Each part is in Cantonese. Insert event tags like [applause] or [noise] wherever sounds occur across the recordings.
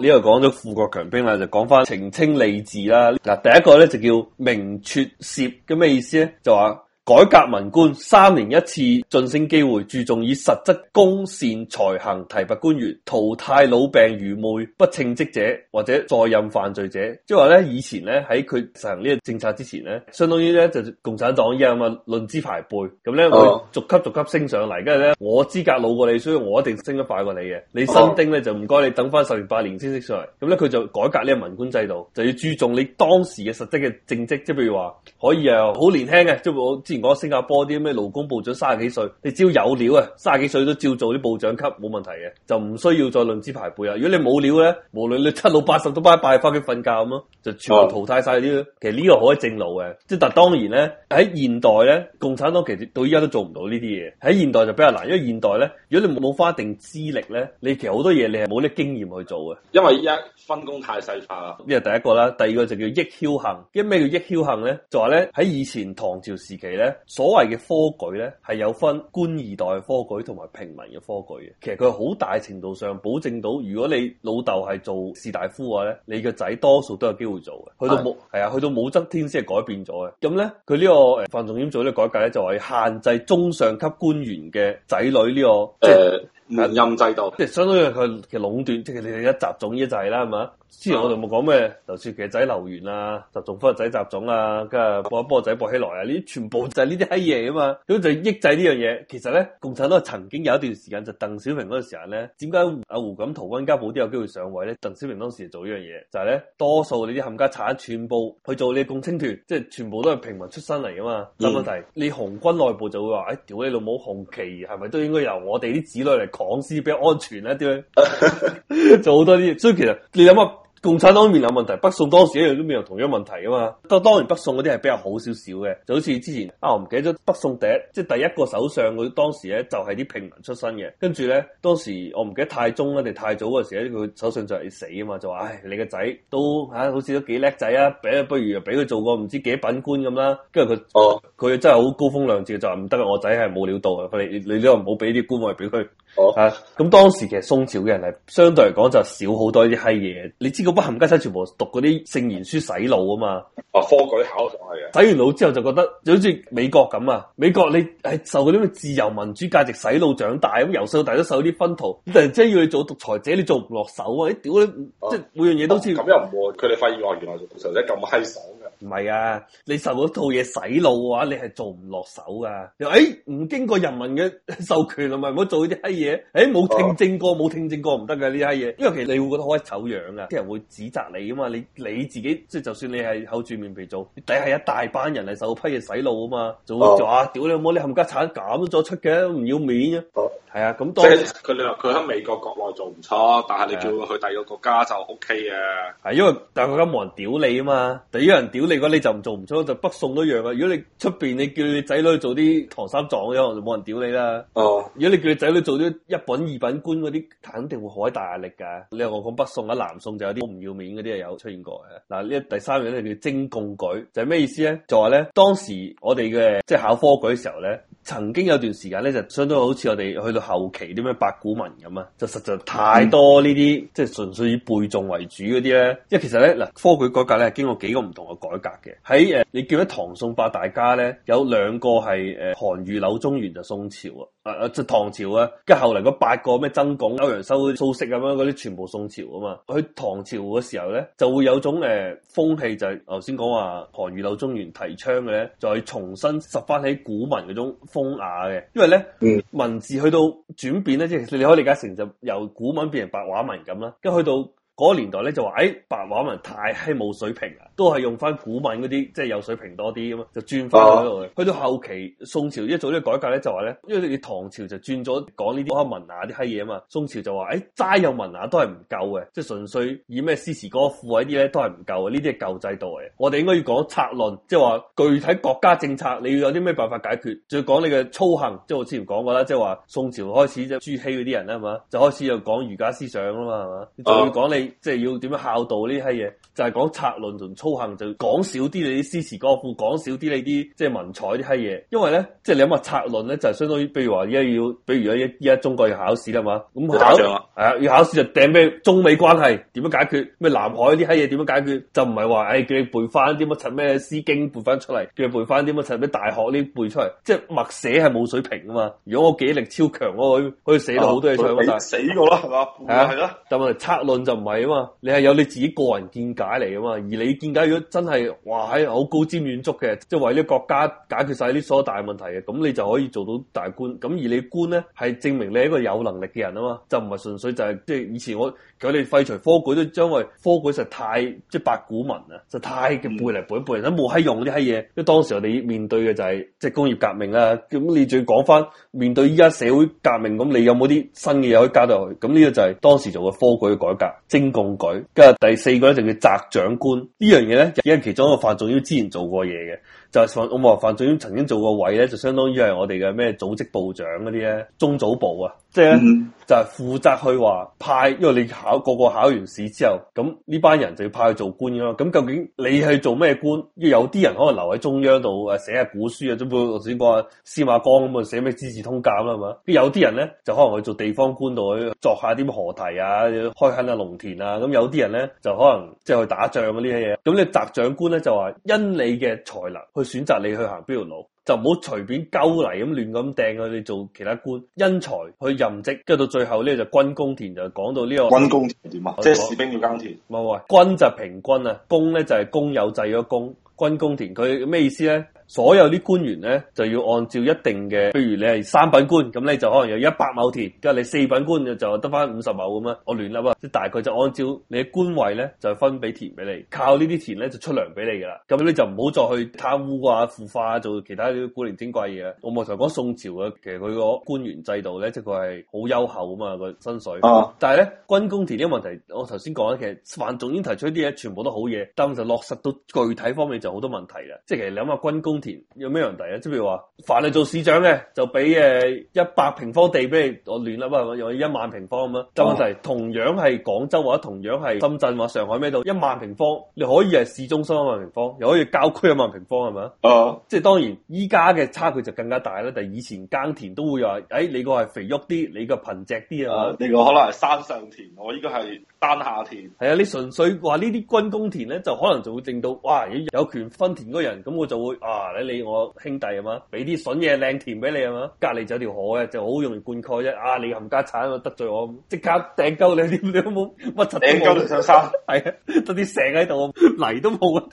呢度講咗富國強兵啦，就講翻澄清吏治啦。嗱，第一個咧就叫明黜陟嘅，咩意思咧？就話。改革文官三年一次晉升機會，注重以實質功善才行提拔官員，淘汰老病愚昧不稱職者，或者在任犯罪者。即係話咧，以前咧喺佢實行呢個政策之前咧，相當於咧就是共產黨一樣啊，論資排輩。咁咧會逐級逐級升上嚟，跟住咧我資格老過你，所以我一定升得快過你嘅。你新丁咧，哦，就唔該你等翻十年八年先升上嚟。咁咧佢就改革呢個文官制度，就要注重你當時嘅實質嘅政績。即係譬如話可以啊，好年輕嘅，即係我講新加坡啲咩勞工部長卅幾歲，你只要有料啊，卅幾歲都照做啲部長級冇問題嘅，就唔需要再論資排輩啊。如果你冇料咧，無論你七老八十都拜拜翻屋企瞓覺咁咯，就全部淘汰晒啲。嗯、其實呢個可以正路嘅，即係但當然咧喺現代咧，共產黨其實到依家都做唔到呢啲嘢。喺現代就比較難，因為現代咧，如果你冇花一定資歷咧，你其實好多嘢你係冇啲經驗去做嘅。因為依家分工太細化啦，呢係第一個啦。第二個就叫抑僥倖，咁咩叫抑僥倖咧？就話咧喺以前唐朝時期咧。所謂嘅科舉咧，係有分官二代科舉同埋平民嘅科舉嘅。其實佢好大程度上保證到，如果你老豆係做士大夫嘅話咧，你嘅仔多數都有機會做嘅的。去到武係啊，去到武則天先係改變咗嘅。咁咧，佢呢個范仲淹做呢個改革咧，就係限制中上級官員嘅仔女呢個。呃唔任制度，即係相當於佢嘅實壟斷，即係你哋一雜種依啲就係、是、啦，係嘛？之前我哋冇講咩，嗯、就算佢仔留完啊，就仲種番仔集種啊，跟住播一播仔播起來啊，呢啲全部就係呢啲閪嘢啊嘛，咁就抑制呢樣嘢。其實咧，共產黨曾經有一段時間，就鄧、是、小平嗰陣時候咧，點解阿胡錦濤、温家寶都有機會上位咧？鄧小平當時就做呢樣嘢，就係、是、咧，多數你啲冚家產全部去做你共青團，即係全部都係平民出身嚟噶嘛，有冇問題？嗯、你紅軍內部就會話，哎，屌你老母，紅旗係咪都應該由我哋啲子女嚟？防屍比較安全咧，點樣？ [laughs] 做好多啲，所以其實你諗啊。共產黨面臨問題，北宋當時一樣都面臨同樣問題啊嘛。咁當然北宋嗰啲係比較好少少嘅，就好似之前啊，我唔記得咗北宋第一，即係第一個首相佢當時咧就係啲平民出身嘅，跟住咧當時我唔記得太宗啦定太祖嗰時咧佢首相就係死啊嘛，就話唉，你個仔都啊好似都幾叻仔啊，俾不如俾佢做個唔知幾品官咁啦。跟住佢哦，佢、啊、真係好高風亮節，就話唔得啊，我仔係冇料到啊，佢你你呢個唔好俾啲官位俾佢。哦，咁當時其實宋朝嘅人係相對嚟講就少好多啲閪嘢，你知。不含家產，全部讀嗰啲聖賢書洗腦啊嘛！啊科舉考上去啊！洗完腦之後就覺得，就好似美國咁啊！美國你係、哎、受嗰啲自由民主價值洗腦長大，咁由細到大都受啲薰陶，突然之間要你做獨裁者，你做唔落手啊！屌你，屌啊、即係每樣嘢都似咁又唔會，佢哋、啊、發現話原來做獨裁者咁閪爽。唔係啊！你受嗰套嘢洗腦嘅話，你係做唔落手噶。又誒，唔經過人民嘅授權，啊嘛，唔好做呢啲閪嘢。誒，冇聽證過，冇聽證過唔得噶呢啲閪嘢。因為其實你會覺得好醜樣啊。啲人會指責你啊嘛。你你自己即係，就算你係厚住面皮做，底係一大班人係受批嘢洗腦啊嘛。做做啊，屌你，冇你冚家鏟咁咗出嘅，唔要面啊。係啊，咁當佢你話佢喺美國國內做唔錯，但係你叫佢去第二個國家就 OK 啊。係因為但係佢而家冇人屌你啊嘛，第一人屌。你講你就唔做唔出，就北宋都一樣啊！如果你出面你叫你仔女做啲唐三藏咁樣，就冇人屌你啦。哦，如果你叫你仔女做啲一品二品官嗰啲，肯定會好大壓力㗎。你又講北宋啊，南宋就有啲好唔要面嗰啲啊，有出現過嘅。嗱，呢第三樣咧叫精貢舉，就係、是、咩意思咧？就係、是、咧當時我哋嘅即係考科舉時候咧。曾經有段時間咧，就相當好似我哋去到後期啲咩八股文咁啊，就實在太多呢啲即係純粹以背誦為主嗰啲咧。因為其實咧嗱，科舉改革咧係經過幾個唔同嘅改革嘅。喺誒，你叫得唐宋八大家咧，有兩個係誒韓愈、柳宗元就宋朝啊，誒誒即係唐朝啊。跟住後嚟嗰八個咩曾鞏、歐陽修、蘇軾咁樣嗰啲，全部宋朝啊嘛。去唐朝嗰時候咧，就會有種誒風氣，就係頭先講話韓愈、柳宗元提倡嘅咧，就係重新拾翻起古文嗰種。風雅嘅，因為咧嗯，文字去到轉變咧，即係你可以理解成就由古文變成白話文咁啦，跟住去到。嗰年代咧就話，誒、欸、白話文太閪冇水平啦、啊，都係用翻古文嗰啲，即係有水平多啲咁咯，就轉翻去，啊、去到後期，宋朝一做呢個改革咧，就話咧，因為你唐朝就轉咗講呢啲文雅啲閪嘢啊嘛，宋朝就話，誒、欸、齋有文雅都係唔夠嘅，即係純粹以咩詩詞歌賦嗰啲咧都係唔夠嘅。呢啲係舊制度嚟。我哋應該要講策論，即係話具體國家政策你要有啲咩辦法解決，仲要講你嘅操行。即係我之前講過啦，即係話宋朝開始即係朱熹嗰啲人咧，係嘛，就開始又講儒家思想啦嘛，係嘛，仲要講你。啊即係要點樣孝道呢啲閪嘢，就係、是、講策論同操行就講少啲你啲詩詞歌賦，講少啲你啲即係文采啲閪嘢。因為咧，即係你諗下策論咧，就係、是就是、相當於，比如話而家要，比如一依家中國要考試啦嘛，咁、嗯、考係啊，要考試就掟咩中美關係點樣解決，咩南海啲閪嘢點樣解決，就唔係話誒叫你背翻啲乜陳咩詩經背翻出嚟，叫你背翻啲乜陳咩大學呢？背出嚟，即係默寫係冇水平噶嘛。如果我記憶力超強，我可以寫到好多嘢出嚟，啊、死過、啊、啦係嘛，係咯、嗯。但係策論就唔係。係啊嘛，你係有你自己個人見解嚟啊嘛，而你見解如果真係話喺好高瞻遠矚嘅，即、就、係、是、為咗國家解決晒啲所有大問題嘅，咁你就可以做到大官。咁而你官咧係證明你係一個有能力嘅人啊嘛，就唔係純粹就係即係以前我佢你廢除科舉都因為科舉實太即係八股文啊，就是、太嘅背嚟背一背來，都冇閪用啲閪嘢。因為當時我哋面對嘅就係即係工業革命啦，咁你仲要講翻面對依家社會革命，咁你有冇啲新嘅嘢可以加到去？咁呢個就係當時做嘅科舉嘅改革。共舉，跟住第四個咧就叫擇長官、這個、呢樣嘢咧，就因為其中一個范仲淹之前做過嘢嘅。就係我話，范仲淹曾經做過位咧，就相當於係我哋嘅咩組織部長嗰啲咧，中組部啊，即係就係、是、負責去話派，因為你考個個考完試之後，咁呢班人就要派去做官咯。咁究竟你係做咩官？有啲人可能留喺中央度啊，寫下古書啊，即係頭先講啊司馬光咁啊，寫咩《資治通鑑》啊係嘛。有啲人咧就可能去做地方官度去作下啲河堤啊、開墾啊農田啊。咁有啲人咧就可能即係去打仗嗰啲嘢。咁你擇長官咧就話因你嘅才能。佢選擇你去行邊條路，就唔好隨便鳩嚟，咁亂咁掟佢哋做其他官，因才去任職，跟住到最後咧就軍公田就講到呢個。軍公田點啊？說即係士兵要耕田。冇啊，軍就平均啊，公咧就係公有制嗰個公。軍公田佢咩意思咧？所有啲官員咧就要按照一定嘅，譬如你係三品官，咁咧就可能有一百畝田，跟住你四品官就得翻五十畝咁啊，我亂笠啊，即、就是、大概就按照你嘅官位咧就分俾田俾你，靠呢啲田咧就出糧俾你噶啦，咁你就唔好再去貪污啊、腐化啊，做其他啲古靈精怪嘢啊。我咪就講宋朝啊，其實佢個官員制度咧，即佢係好優厚啊嘛，個薪水。啊啊但係咧均公田呢個問題，我頭先講咧，其實范仲淹提出啲嘢全部都好嘢，但係其實落實到具體方面就好多問題啦。即係其實你諗下均公。有咩問題啊？即譬如話，凡係做市長嘅，就俾誒一百平方地俾你，我亂甩係咪？用一萬平方咁啊？有問題？同樣係廣州或者同樣係深圳或上海咩都一萬平方，你可以係市中心一萬平方，又可以郊區一萬平方係咪啊？即係當然，依家嘅差距就更加大啦。但係以前耕田都會話，誒、哎，你個係肥沃啲，你個貧瘠啲啊？你個可能係山上田，我依個係山下田。係啊，你純粹話呢啲軍功田咧，就可能就會令到哇，有權分田嗰個人咁，我就，就會啊。你我兄弟吖嘛？俾啲筍嘢靚田俾你吖嘛？隔籬就有條河嘅，就好容易灌溉啫。啊！你冚家鏟，得罪我，即刻掟鳩你！你都有冇乜柒？掟你上山，係啊，得啲 [laughs] [laughs] 石喺度，泥都冇啊！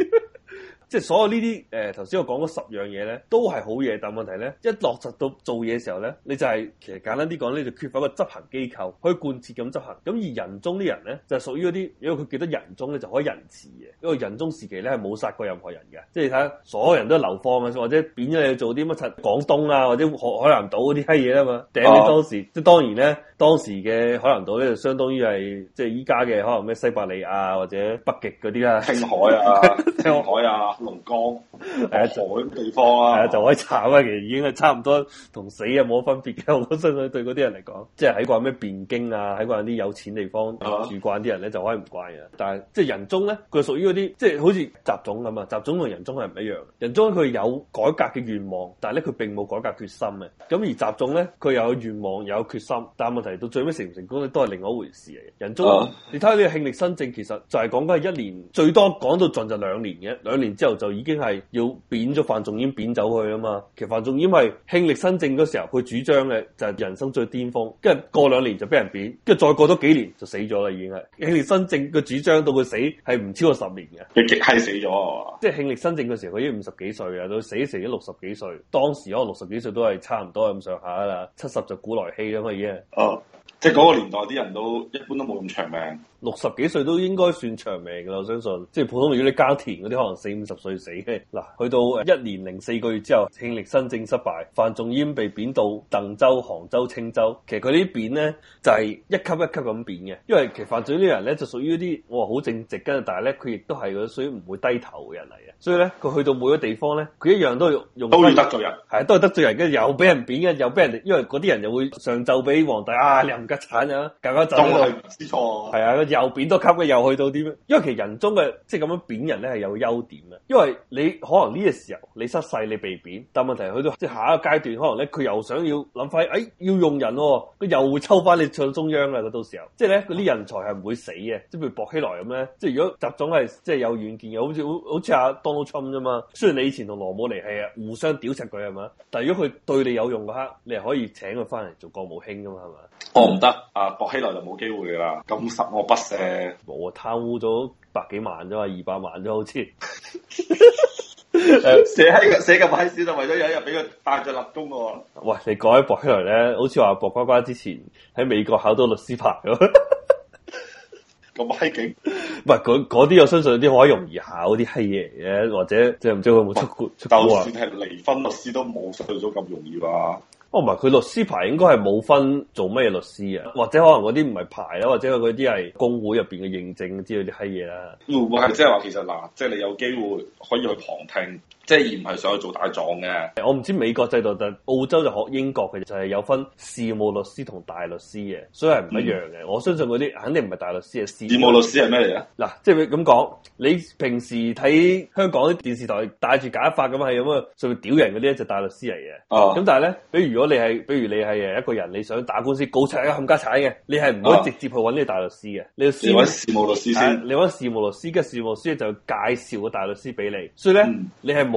即係所有呢啲誒，頭、呃、先我講嗰十樣嘢咧，都係好嘢，但問題咧，一落實到做嘢時候咧，你就係、是、其實簡單啲講咧，你就缺乏一個執行機構，可以貫徹咁執行。咁而仁宗啲人咧，就係屬於嗰啲，因為佢幾多仁宗咧，就可以仁慈嘅，因為仁宗時期咧係冇殺過任何人嘅，即係睇下所有人都流放啊，或者貶咗你做啲乜柒廣東啊，或者海海南島嗰啲閪嘢啊嘛，頂你當時，即係、哦、當然咧，當時嘅海南島咧就相當於係即係依家嘅可能咩西伯利亞或者北極嗰啲啦，青海啊，青 [laughs] 海啊。龍江，係就喺地方啊，就可以慘啊， [music] 哈哈哈，其實已經係差唔多同死別，啊冇分別嘅。我相信對嗰啲人嚟講，即係喺慣咩汴京啊，喺慣啲有錢地方住慣啲人咧，就可以唔慣嘅。但係即係人中咧，佢係屬於嗰啲，即係好似神宗咁啊。神宗同人中係唔一樣，人中佢有改革嘅願望，但係咧佢並冇改革決心嘅。咁而神宗咧，佢有願望，有決心，但係問題到最尾成唔成功咧，都係另外一回事嘅。人中，你睇下呢個慶曆新政，其實就係講緊係一年最多講到盡就兩年嘅，兩年之就已經係要貶咗范仲淹貶走佢啊嘛，其實范仲淹係慶曆新政嗰時候佢主張嘅就係人生最巔峰，跟住過兩年就俾人貶，跟住再過咗幾年就死咗啦，已經係慶曆新政嘅主張到佢死係唔超過十年嘅，佢極氣死咗。即係慶曆新政嘅時候佢已經五十幾歲啊，到死死咗六十幾歲，當時嗰六十幾歲都係差唔多咁上下噶啦，七十就古來稀啦嘛已經。Oh. 即係嗰個年代啲人都一般都冇咁長命，六十幾歲都應該算長命噶啦。我相信，即係普通如果你耕田嗰啲，可能四五十歲死嘅。嗱，去到一年零四個月之後，慶曆新政失敗，范仲淹被貶到鄧州、杭州、青州。其實佢呢貶咧就係、是、一級一級咁貶嘅，因為其實范仲淹呢啲人咧就屬於啲我話好正直跟，但係咧佢亦都係嗰種屬於唔會低頭嘅人嚟嘅。所以咧，佢去到每個地方咧，佢一樣都用都係得罪人，係都係得罪人，跟住又俾人貶，跟又俾人，因為嗰啲人又會上奏俾皇帝啊。唔夾鏟啊，更加走了。仲係知錯。係了啊，又貶多級嘅，又去到啲咩？因為其實人中嘅即係咁樣貶人咧，係有優點嘅。因為你可能呢個時候你失勢，你被貶，但問題佢都即係下一個階段，可能咧佢又想要諗翻，哎，要用人，佢又會抽翻你上中央喇。到時候，即係咧嗰啲人才係唔會死嘅，即係譬如薄熙來咁咧。即係如果習總係即係有遠見嘅，好似好似阿 Donald Trump 啫嘛。雖然你以前同羅姆尼係啊互相屌柒佢係嘛，但係如果佢對你有用嘅刻，你係可以請佢翻嚟做國務卿噶嘛，係嘛。唔得啊！薄熙來就冇機會啦。咁十惡不赦冇啊，貪污咗百幾萬啫嘛，二百萬啫好似。誒、 [laughs] [laughs] 呃，寫喺個寫咁批示就為咗有一日俾佢戴罪立功咯、啊。喂，你講起薄熙來咧，好似話薄瓜瓜之前喺美國考到律師牌咯。咁嘿勁，喂，嗰啲，我相信啲可以容易考啲嘿嘢嘅，或者有有不即係唔知佢有冇出國出到啊？就算係離婚律師都冇想象中咁容易吧？哦，唔係，佢律師牌應該係冇分做咩律師啊，或者可能嗰啲唔係牌啦，或者佢嗰啲係公會入邊嘅認證之類啲係嘢啦。唔係，即係話其實嗱，即係、就是、你有機會可以去旁聽。即係而唔係想去做大狀嘅？我唔知美國制度，但澳洲就學英國嘅，就係有分事務律師同大律師嘅，所以係唔一樣嘅。我相信嗰啲肯定唔係大律師嘅事務律師係咩嚟啊？嗱，即係佢咁講，你平時睇香港電視台戴住假髮咁係咁啊，上至屌人嗰啲就大律師嚟嘅。哦，咁但係咧，比如果你係，比如你係誒一個人，你想打官司告出冚家鏟嘅，你係唔可以直接去揾呢個大律師嘅，你要揾事務律師先，你揾事務律師，嘅事務律師就介紹個大律師俾你，所以咧，你係冇。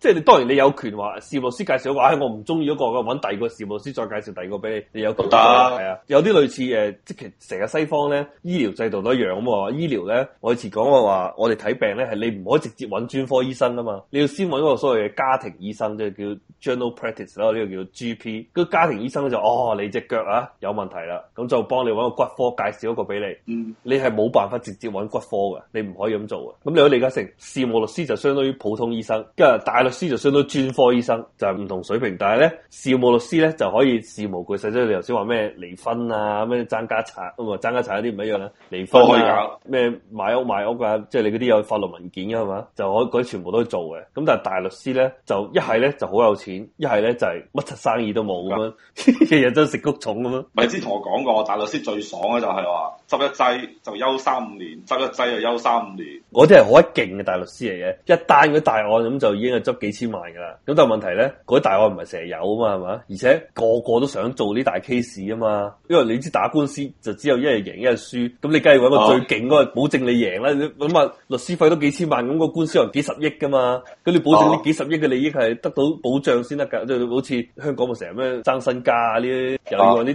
即係你當然你有權話事務律師介紹個，我唔中意嗰個，我揾第二個事務律師再介紹第二個俾你，你有得。係啊行，有啲類似誒，即係成個西方咧醫療制度都一樣咁喎。醫療咧，我以前講過話，我哋睇病咧係你唔可以直接揾專科醫生啊嘛，你要先揾嗰個所謂嘅家庭醫生，即係叫 General Practice 啦，呢個叫 GP。個家庭醫生就哦，你隻腳啊有問題啦，咁就幫你揾個骨科介紹一個俾你。嗯、你係冇辦法直接揾骨科嘅，你唔可以咁做嘅。咁你可以理解成事務律師就相當於普通醫生，跟住大。律師就相當，專科醫生就係、是、唔同水平，但係咧，事務律師咧就可以事無巨細，即係你頭先話咩離婚啊，咩爭家產咁啊，爭家產啲唔一樣啦。離婚可以搞咩買屋買屋啊，即係你嗰啲有法律文件嘅係嘛，就可啲全部都做嘅。咁但係大律師咧，就一係咧就好有錢，一係咧就係乜柒生意都冇咁樣，啊、 [laughs] 日日真食谷種咁樣。咪之前同我講過，大律師最爽嘅就係話執一劑就休三五年，執一劑就休三五年。我啲係好一勁嘅大律師嚟嘅，一單嗰大案咁就已經係執。幾千萬噶啦，咁但係問題咧，嗰啲大案唔係成日有啊嘛，係嘛，而且個個都想做呢大 case 啊嘛，因為你知打官司就只有一日贏一日輸，咁你梗係揾個最勁嗰個保證你贏啦，咁啊你律師費都幾千萬，咁、個官司有幾十億噶嘛，咁你保證呢幾十億嘅利益係得到保障先得噶，即係、啊、好似香港咪成日咩爭身家有大啊呢啲，另外呢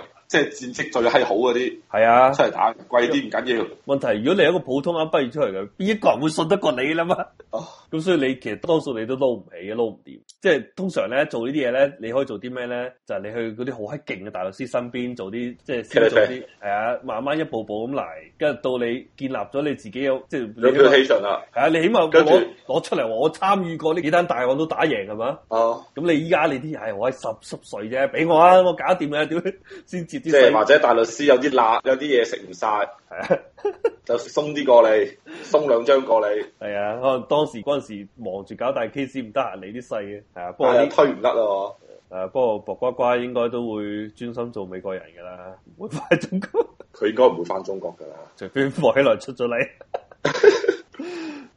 一即係戰績最係好嗰啲，係啊，出嚟打貴啲唔緊要。問題如果你一個普通啱畢業出嚟嘅，邊一個人會信得過你啦嘛？哦、啊，咁所以你其實多數你都撈唔起，撈唔掂。即係、就是、通常咧做呢啲嘢咧，你可以做啲咩咧？就係、是、你去嗰啲好閪勁嘅大律師身邊做啲，即、就、係、是、先做啲，係啊，慢慢一步步咁嚟，跟住到你建立咗你自己、就是你這個、有、啊，即係有啲氣場啦。係啊，你起碼攞攞出嚟話我參與過呢幾單大案都打贏，係嘛？哦、啊，咁你依家你啲嘢我係濕濕碎啫，俾我啊，我搞掂啊，點樣先接？即係或者大律師有啲辣，有啲嘢食唔晒，係是啊， [laughs] 就鬆啲過嚟，鬆兩張過嚟，係啊。可能當時嗰陣時忙住搞大 K C 唔得閒，你啲細嘅係啊，不過、啊、推唔得咯。誒、啊，不過薄瓜瓜應該都會專心做美國人噶啦，唔會返中國。佢應該唔會返中國噶啦，除非放起來出咗嚟。 [laughs]